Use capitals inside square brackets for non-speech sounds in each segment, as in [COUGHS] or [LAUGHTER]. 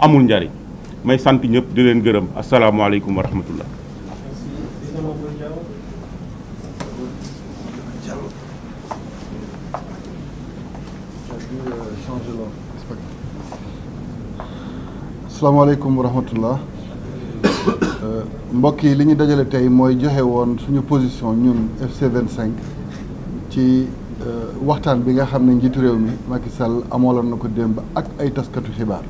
amul njariñ may sant ñëpp di leen gërëm asalaamaaleykum wa rahmatullah asalaamaaleykum wa rahmatullah mbokk yi li ñu dajale tey mooy joxe woon suñu position ñun FC 25 ci euh, waxtaan bi nga xam ne njiitu réew mi Macky Sall amaloon na ko démb ak ay taskatu xibaar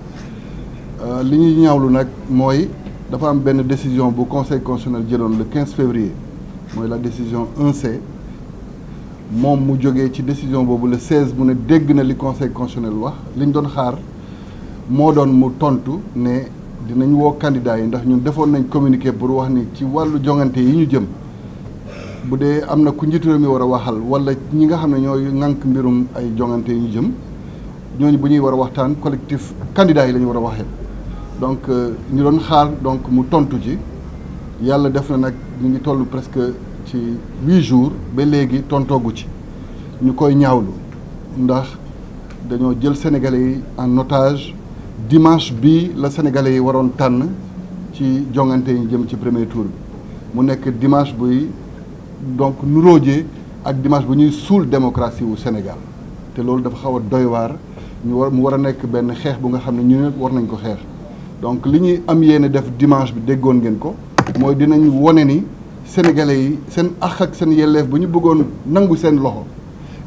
Euh, li ñuy ñawlu nag mooy dafa am benn décision bu conseil constitutionnel jëloon le quinze février mooy la décision un c moom mu jógee ci décision boobu la 16 bu ne dégg na li conseil constitutionnel wax li ñu doon xaar moo doon mu tontu ne dinañ woo candidats yi ndax ñu defoon nañ communiqué pour wax ni ci wàllu jongante yi ñu jëm bu dee am na ku njiitu réew mi war a waxal wala ñi nga xam ne ñooy ŋànk mbirum ay jongante yi ñu jëm ñooñu bu ñuy war a waxtaan collectif candidats yi la ñu war a waxee. donc euh, ñu doon xaar donc mu tontu ji yàlla def na nag ñu ngi toll presque ci huit jours ba léegi tontoogu ci ñu koy ñaawlu ndax dañoo jël sénégalais yi en otage dimanche bii la sénégalais yi waroon tànn ci jongante yi jëm ci premier tour bi mu nekk dimanche buy donc nuróojee ak dimanche bu ñuy suul démocratie wu Sénégal te loolu dafa xaw a doy waar ñu war mu war a nekk benn xeex bu nga xam ne ñu ne war nañ ko xeex donc li ñuy am yéene def dimanche bi déggoon ngeen ko mooy dinañ wone ni sénégalais yi seen ax ak seen yelleef bu ñu bëggoon nangu seen loxo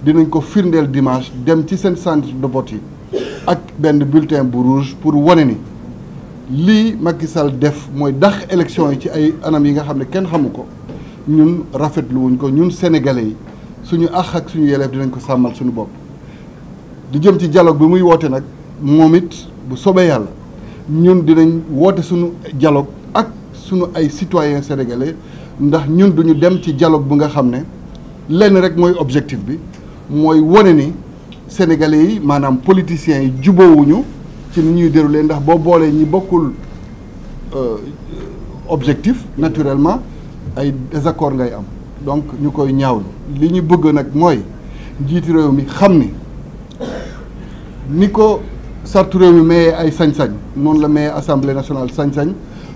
dinañ ko firndeel dimanche dem ci seen centre de vote yi ak benn bulletin bu rouge pour wone ni lii Macky def mooy dax élection yi ci ay anam yi nga xam ne kenn xamu ko ñun rafetlu wuñ ko ñun sénégalais yi suñu ax ak suñu yelleef dinañ ko sàmmal suñu bopp di jëm ci dialogue bi muy woote nag moom it bu sobee yàlla ñun dinañ woote suñu jaloog ak suñu ay citoyens sénégalais ndax ñun duñu dem ci dialogue bu nga xam ne lenn rek mooy objectif bi mooy wone ni sénégalais yi maanaam politiciens yi jubóowuñu ci ni ñuy déroulé ndax boo boolee ñi bokkul euh, objectif naturellement ay désaccord ngay am donc ñu koy ñaawlu li ñu bëgg nag mooy njiiti réew mi xam ni ni ko sartu réew mi mayee ay sañ-sañ noonu la mayee assemblée nationale sañ-sañ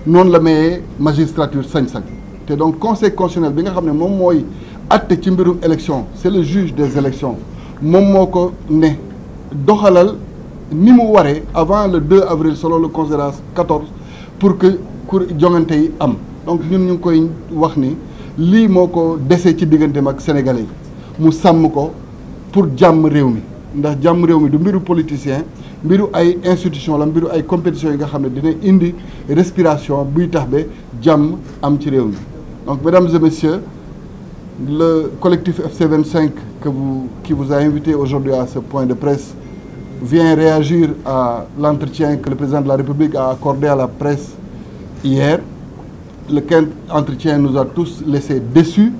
noonu la mayee magistrature sañ-sañ te donc conseil constitutionnel bi nga xam ne moom mooy atte ci mbirum élection c'est le juge des élections moom moo ko ne doxalal ni mu waree avant le 2 avril selon le considérant 14 pour que pour jongante yi am donc ñun ñu ngi koy wax ni lii moo ko desee ci diggante digganteem ak sénégalais mu sàmm ko pour jàmm réew mi ndax jàmm réew mi du mbiru politicien mbiru ay institution la mbiru ay compétition yi nga xam ne dina indi respiration buy tax ba jàmm am ci réew mi donc mesdames et messieurs le collectif FC25 que vous qui vous a invité aujourd'hui à ce point de presse vient réagir à l'entretien que le président de la République a accordé à la presse hier lequel entretien nous a tous laissés déçus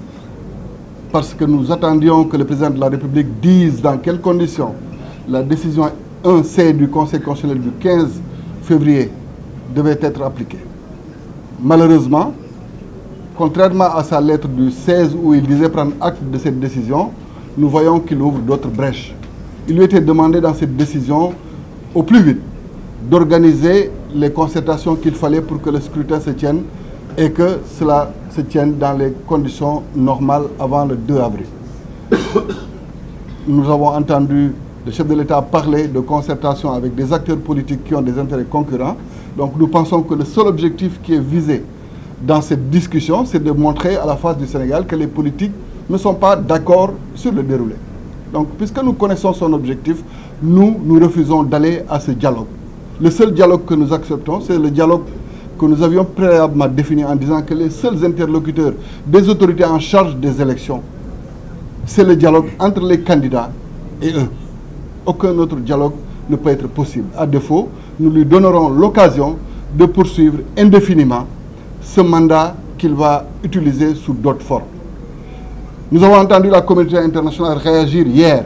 parce que nous attendions que le président de la République dise dans quelles conditions la décision 1 C du Conseil constitutionnel du 15 février devait être appliqué. Malheureusement, contrairement à sa lettre du 16 où il disait prendre acte de cette décision, nous voyons qu'il ouvre d'autres brèches. Il lui était demandé dans cette décision, au plus vite, d'organiser les concertations qu'il fallait pour que le scrutin se tienne et que cela se tienne dans les conditions normales avant le 2 avril. [COUGHS] Nous avons entendu le chef de l'État parlait de concertation avec des acteurs politiques qui ont des intérêts concurrents. Donc nous pensons que le seul objectif qui est visé dans cette discussion, c'est de montrer à la face du Sénégal que les politiques ne sont pas d'accord sur le déroulé. Donc puisque nous connaissons son objectif, nous, nous refusons d'aller à ce dialogue. Le seul dialogue que nous acceptons, c'est le dialogue que nous avions préalablement défini en disant que les seuls interlocuteurs des autorités en charge des élections, c'est le dialogue entre les candidats et eux. aucun autre dialogue ne peut être possible. À défaut, nous lui donnerons l'occasion de poursuivre indéfiniment ce mandat qu'il va utiliser sous d'autres formes. Nous avons entendu la communauté internationale réagir hier.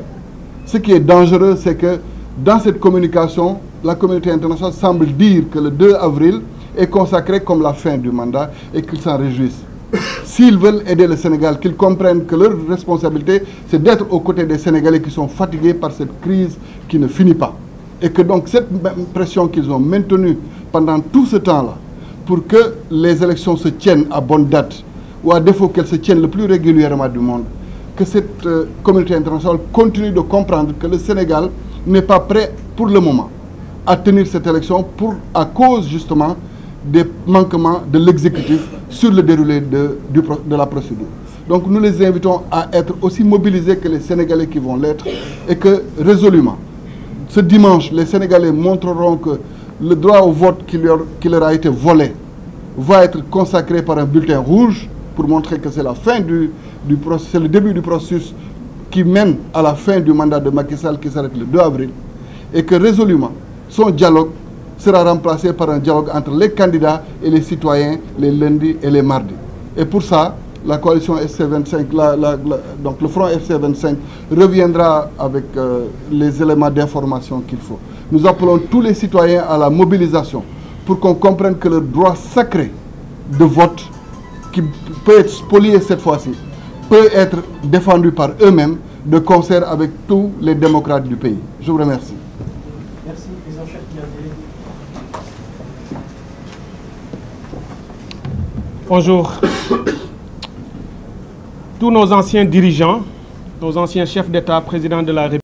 Ce qui est dangereux, c'est que dans cette communication, la communauté internationale semble dire que le 2 avril est consacré comme la fin du mandat et qu'ils s'en réjouissent. [LAUGHS] S'ils veulent aider le Sénégal, qu'ils comprennent que leur responsabilité, c'est d'être aux côtés des Sénégalais qui sont fatigués par cette crise qui ne finit pas. Et que donc cette pression qu'ils ont maintenue pendant tout ce temps-là, pour que les élections se tiennent à bonne date, ou à défaut qu'elles se tiennent le plus régulièrement du monde, que cette euh, communauté internationale continue de comprendre que le Sénégal n'est pas prêt pour le moment à tenir pour, à cause justement des manquements de l'exécutif sur le déroulé de, du, de la procédure. Donc nous les invitons à être aussi mobilisés que les Sénégalais qui vont l'être et que résolument, ce dimanche, les Sénégalais montreront que le droit au vote qui leur, qui leur a été volé va être consacré par un bulletin rouge pour montrer que c'est la fin du, du c'est le début du processus qui mène à la fin du mandat de Macky Sall qui s'arrête le 2 avril et que résolument, son dialogue sera remplacé par un dialogue entre les candidats et les citoyens les lundis et les mardis. Et pour ça, la coalition FC25, la, la, la, donc le front FC25 reviendra avec euh, les éléments d'information qu'il faut. Nous appelons tous les citoyens à la mobilisation pour qu'on comprenne que le droit sacré de vote, qui peut être spolié cette fois-ci, peut être défendu par eux-mêmes de concert avec tous les démocrates du pays. Je Bonjour. Tous nos anciens dirigeants, nos anciens chefs d'État, présidents de la République,